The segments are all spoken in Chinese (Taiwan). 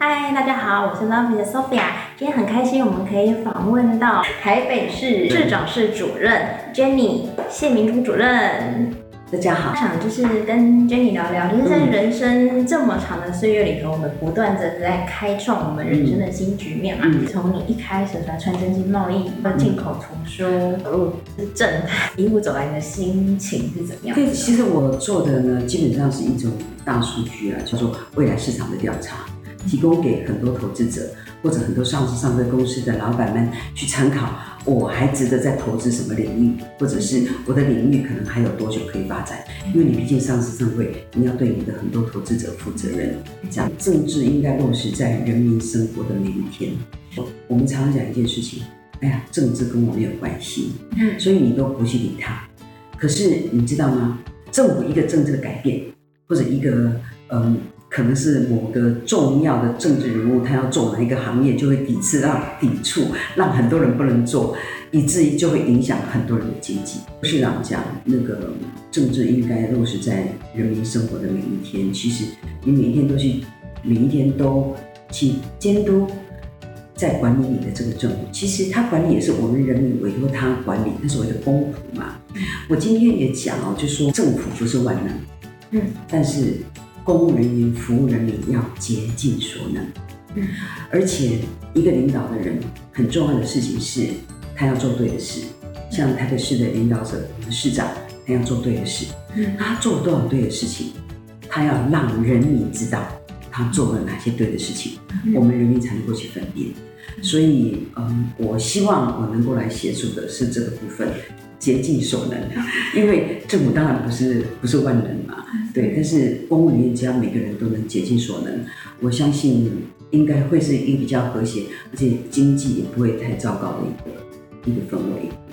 嗨，大家好，我是 Lovehss 的 Sophia。今天很開心，我們可以訪問到台北市市長室主任、嗯、Jenny 謝明忠主任、嗯。大家好，我想就是跟 Jenny 聊聊，就是在人生這麼長的歲月裡頭，嗯、我們不斷的在開創我們人生的新局面嘛。從、嗯、你一開始來穿針織貿易，到進口圖書，一、嗯嗯、是正，一路走來的心情是怎麼樣？對，其實我做的呢，基本上是一種大數據啊，叫做未來市場的調查。提供給很多投資者或者很多上市上市公司的老板們去參考，哦，我還值得再投資什麼領域，或者是我的領域可能還有多久可以發展？因為你畢竟上市上會，你要對你的很多投資者負責任。講，政治應該落實在人民生活的每一天我。我們常常講一件事情，哎呀，政治跟我沒有關係，所以你都不去理他。可是你知道嗎？政府一個政策改變，或者一個嗯。呃可能是某個重要的政治人物，他要做哪一個行業，就會抵制讓抵觸，讓很多人不能做，以至於就會影響很多人的經濟。不是這樣講，那個政治應該落實在人民生活的每一天。其實你每一天都去，每一天都去監督，在管理你的這個政府。其實他管理也是我們人民委託他管理，那所謂的公僕嘛。我今天也講哦，就說政府不是萬能，嗯，但是。公務人員服務人民要竭盡所能，嗯，而且一個領導的人很重要的事情是，他要做對的事，嗯，像台北市的領導者市長，他要做對的事，嗯，他做多少對的事情，他要讓人民知道他做了哪些對的事情，嗯，我們人民才能夠去分辨。所以，嗯，我希望我能夠來協助的是這個部分。竭盡所能，因為政府當然不是不是萬能嘛，對。但是公務員只要每個人都能竭盡所能，我相信應該會是一個比較和諧，而且經濟也不會太糟糕的一個一個氛圍。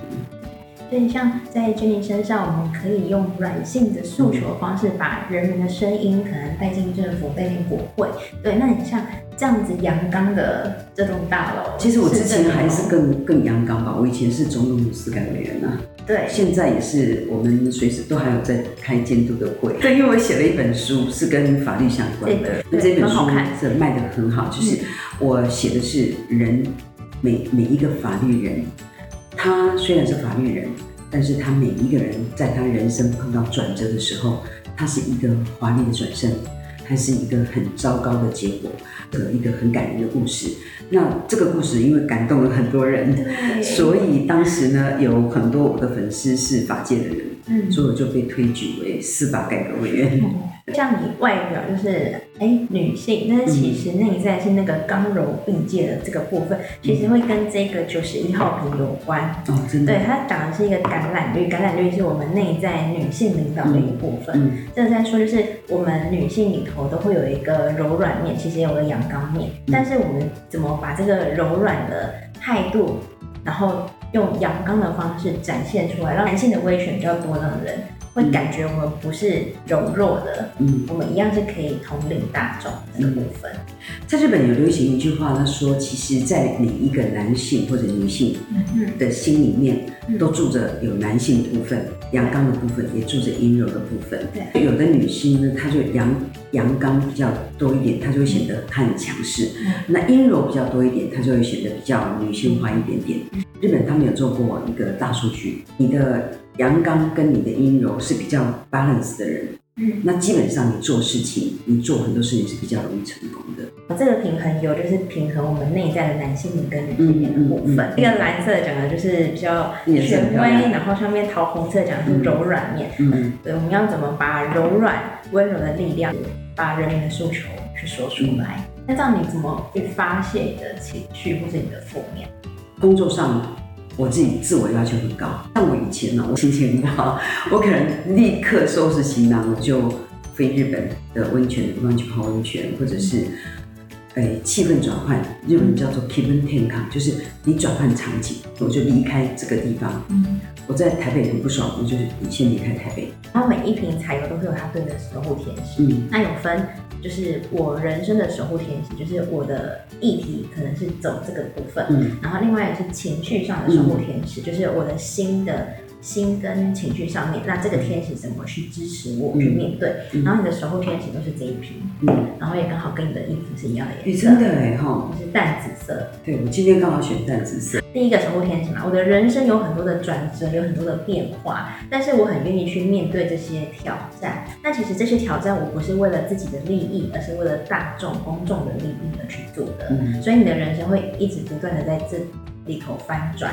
所以，像在 Jenny 身上，我們可以用軟性的訴求方式，把人民的聲音可能帶進政府、帶進國會。對，那你像這樣子陽剛的這棟大樓，其實我之前還是更更陽剛吧。我以前是總統司改的人吶、啊，對，現在也是，我們隨時都還有在開監督的會。對，對，因為我寫了一本書，是跟法律相關的，對對，那這本書是賣的很好，很好，就是我寫的是人每每一個法律人。他雖然是法律人，但是他每一個人在他人生碰到轉折的時候，他是一個華麗的轉身，還是一個很糟糕的結果，和一個很感人的故事。那這個故事因為感動了很多人，所以當時呢有很多我的粉絲是法界的人、嗯，所以我就被推舉為司法改革委員。嗯。像你外表就是哎女性，那其實內在是那個剛柔並濟的這個部分、嗯，其實會跟這個九十一號瓶有關哦真的。對，它講的是一個橄欖綠，橄欖綠是我們內在女性領導的一部分。嗯嗯、這個在說就是我們女性裡頭都會有一個柔軟面，其實有個陽剛面，但是我們怎麼把這個柔軟的態度，然後用陽剛的方式展現出來，讓男性的威權比較多的人會感覺我們不是柔弱的，嗯，我們一樣是可以統領大眾的、嗯這個、部分。在日本有流行一句話，他說，其實，在每一個男性或者女性的心裡面，嗯嗯、都住着有男性部分、陽剛的部分，也住着陰柔的部分。對，有的女性呢，她就陽陽剛比較。多一點，他就會顯得他很強勢。那陰柔比較多一點，他就會顯得比較女性化一點點。日本他們有做過一個大數據，你的陽剛跟你的陰柔是比較 balance 的人。嗯，那基本上你做事情，你做很多事情是比較容易成功的。這個平衡油，就是平衡我們內在的男性面跟女性面的部分。這、嗯嗯嗯嗯、個藍色的講的，就是比較權威，然後上面桃紅色的講是柔軟面嗯嗯。嗯，對，我們要怎麼把柔軟、溫柔的力量，把人民的訴求去說出來？那、嗯、讓你怎麼去發洩你的情緒或者你的負面？工作上。我自己自我要求很高，像我以前呢，我心情不好，我可能立刻收拾行囊，就飛日本的溫泉的地方去泡溫泉，或者是。哎，氣氛轉換，日本叫做 k e 氣氛轉換，就是你轉換場景，我就離開這個地方。嗯、我在台北很不爽，我就是先離開台北。然後每一瓶彩油都會有它對應的守護天使。嗯，那有分，就是我人生的守護天使，就是我的議題可能是走這個部分。嗯，然後另外也是情緒上的守護天使，嗯、就是我的心的。心跟情緒上面，那這個天使怎麼去支持我、嗯、去面對、嗯？然後你的守護天使都是這一批，嗯、然後也剛好跟你的衣服是一樣的顏色，真的哎哈，就是淡紫色。對，我今天剛好，好選淡紫色。第一個守護天使嘛，我的人生有很多的轉折，有很多的變化，但是我很願意去面對這些挑戰。那其實這些挑戰，我不是為了自己的利益，而是為了大眾公眾的利益而去做的、嗯。所以你的人生會一直不斷的在這裡頭翻轉。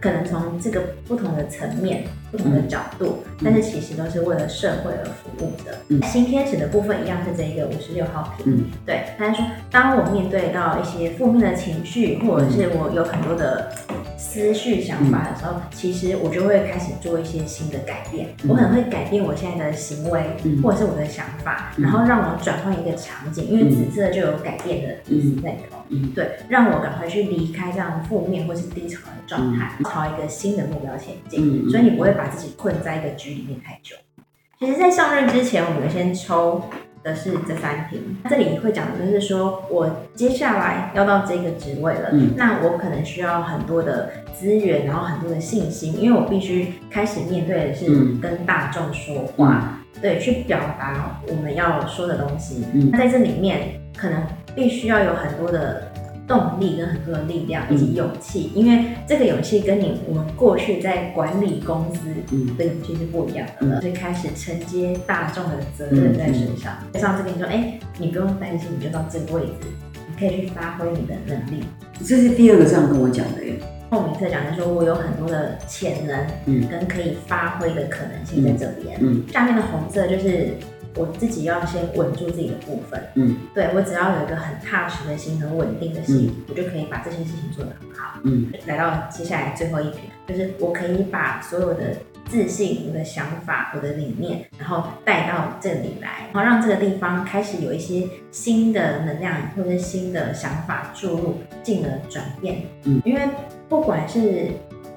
可能從這個不同的層面、不同的角度，嗯，但是其實都是為了社會而服務的。嗯，新天使的部分一樣是這一個五十六號瓶、嗯。對，他說，當我面對到一些負面的情緒，或者是我有很多的。思緒想法的時候，其實我就會開始做一些新的改變。我可能會改變我現在的行為，或者是我的想法，然後讓我轉換一個場景，因為紫色就有改變的意思在裡頭。對，讓我趕快去離開這樣負面或是低潮的狀態，朝一個新的目標前進。所以你不會把自己困在一個局裡面太久。其實在上任之前，我們先抽。的是這三瓶，這裡會講的就是說，我接下來要到這個職位了、嗯，那我可能需要很多的資源，然後很多的信心，因為我必須開始面對的是跟大眾說話、嗯，對，去表達我們要說的東西、嗯。那在這裡面，可能必須要有很多的。動力跟很多的力量以及勇氣、嗯，因為這個勇氣跟你我們過去在管理公司的勇氣是不一樣的，所以、嗯嗯就是、開始承接大眾的責任在身上、嗯嗯，上次跟你說，哎、欸，你不用擔心，你就到這個位置，你可以去發揮你的能力。這是第二個這樣跟我講的耶。透明色講的說，我有很多的潛能，嗯，跟可以發揮的可能性在這邊。嗯，下面的紅色就是。我自己要先穩住自己的部分，嗯，嗯，對我只要有一個很踏實的心，很穩定的心，嗯、我就可以把這些事情做得很好。嗯，來到接下來最後一瓶，就是我可以把所有的自信、我的想法、我的理念，然後帶到這裡來，然後讓這個地方開始有一些新的能量或者是新的想法注入，進而轉變。嗯，因為不管是，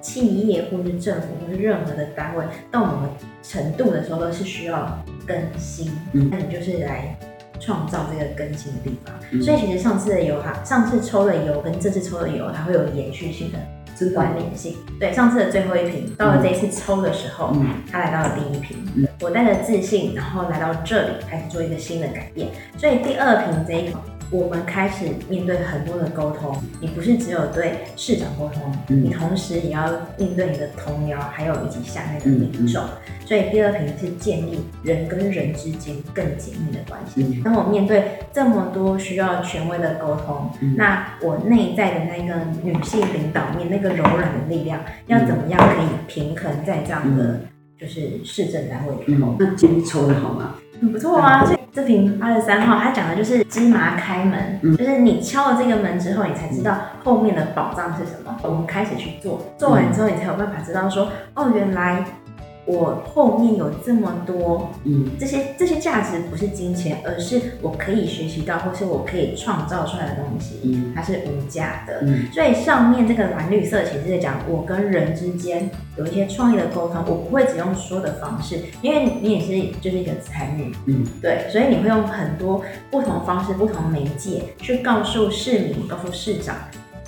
企業或是政府或是任何的單位到某個程度的時候，都是需要更新，那、嗯、你就是來創造這個更新的地方。嗯、所以其實上次的油哈，上次抽的油跟這次抽的油它會有延續性的關聯性、嗯。對，上次的最後一瓶到了這一次抽的時候，它來到了第一瓶。嗯嗯、我帶着自信，然後來到這裡開始做一個新的改變。所以第二瓶這一款。我們開始面對很多的溝通，你不是只有對市長溝通、嗯，你同時也要面對你的同僚，還有以及下面的民眾、嗯嗯。所以第二瓶是建立人跟人之間更緊密的關係。那、嗯、我面對這麼多需要權威的溝通，嗯、那我內在的那個女性領導面、那個柔軟的力量、嗯，要怎麼樣可以平衡在這樣的就是市政單位？那今天抽的好嗎？很不錯啊，這這瓶八十三號，它講的就是芝麻開門。嗯，就是你敲了這個門之後，你才知道後面的寶藏是什麼。我們開始去做，做完之後你才有辦法知道說，哦，原來。我後面有這麼多，嗯，這些這些價值不是金錢，而是我可以學習到，或是我可以創造出來的東西，嗯，它是無價的。嗯，所以上面這個藍綠色其實是講我跟人之間有一些創意的溝通，我不會只用說的方式，因為你也是就是一個才女，嗯，對，所以你會用很多不同方式、不同媒介去告訴市民、告訴市長。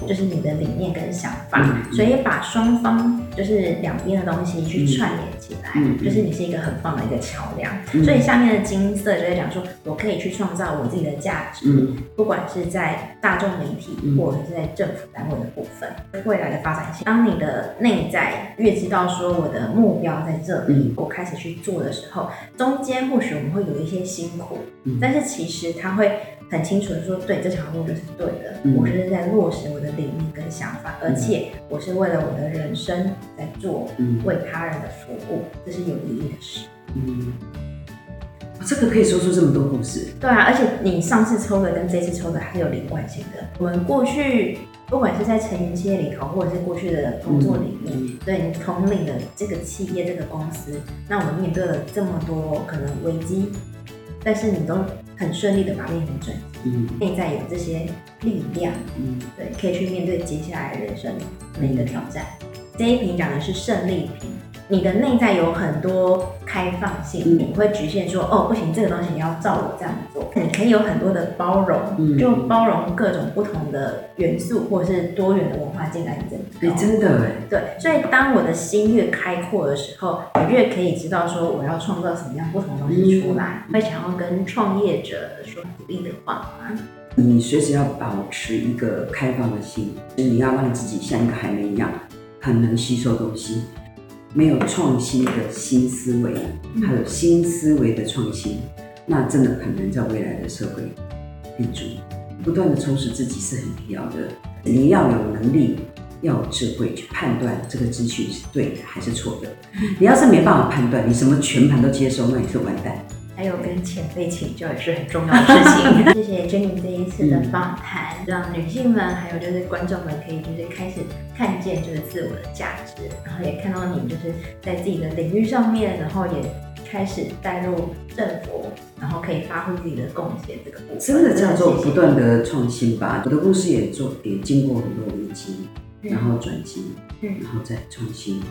就是你的理念跟想法，嗯嗯嗯，所以把雙方就是兩邊的東西去串聯起來，嗯嗯嗯，就是你是一個很棒的一個橋梁，嗯。所以下面的金色就在講說，我可以去創造我自己的價值，嗯，不管是在大眾媒體，嗯，或者是在政府單位的部分，未來的發展性。當你的內在越知道說我的目標在這裡，嗯，我開始去做的時候，中間或許我們會有一些辛苦，嗯，但是其實它會。很清楚的說，對，這條路就是對的、嗯，我就是在落實我的理念跟想法，嗯、而且我是為了我的人生在做，為他人的服務、嗯，這是有意義的事。嗯，這個可以說出這麼多故事。對啊，而且你上次抽的跟這次抽的還是有連貫性的。我們過去不管是在成年企業裡頭，或者是過去的工作領域、嗯，對你統領的這個企業、這個公司，那我們面對了這麼多可能危機。但是你都很順利的把命運轉，嗯，內在有這些力量，嗯，對，可以去面對接下來的人生每一個挑戰。這一瓶講的是勝利瓶。你的內在有很多開放性，嗯、你不會局限說哦，不行，這個東西你要照我這樣做。你、嗯、可以有很多的包容、嗯，就包容各種不同的元素，或者是多元的文化進來、哎，真的，真的哎。對，所以當我的心越開闊的時候，我越可以知道說我要創造什麼樣不同的東西出來。嗯、會想要跟創業者說鼓勵的話，你隨時要保持一個開放的心，就你要讓你自己像一個海綿一樣，很能吸收東西。沒有創新的新思維，還有新思維的創新，那真的很難在未來的社會立足。不斷的充實自己是很必要的。你要有能力，要有智慧去判斷這個資訊是對的還是錯的。你要是沒辦法判斷，你什麼全盤都接受，那也是完蛋。還有跟前輩請教也是很重要的事情。 謝謝 Jenny 這一次的訪談。嗯，讓女性們，還有就是觀眾們，可以就是開始看見就是自我的價值，然後也看到你就是在自己的領域上面，然後也開始帶入政府，然後可以發揮自己的貢獻。這個部分真的叫做不斷的創新吧。嗯。我的故事也做，也經過很多危機，然後轉機。嗯嗯，然後再創新。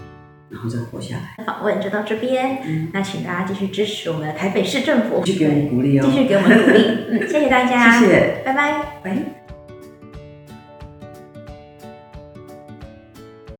然後再活下來。訪問就到這邊。嗯，那請大家繼續支持我們的台北市政府，繼續給我們鼓勵哦，繼續給我們鼓勵， 嗯，謝謝大家，謝謝，拜拜，拜。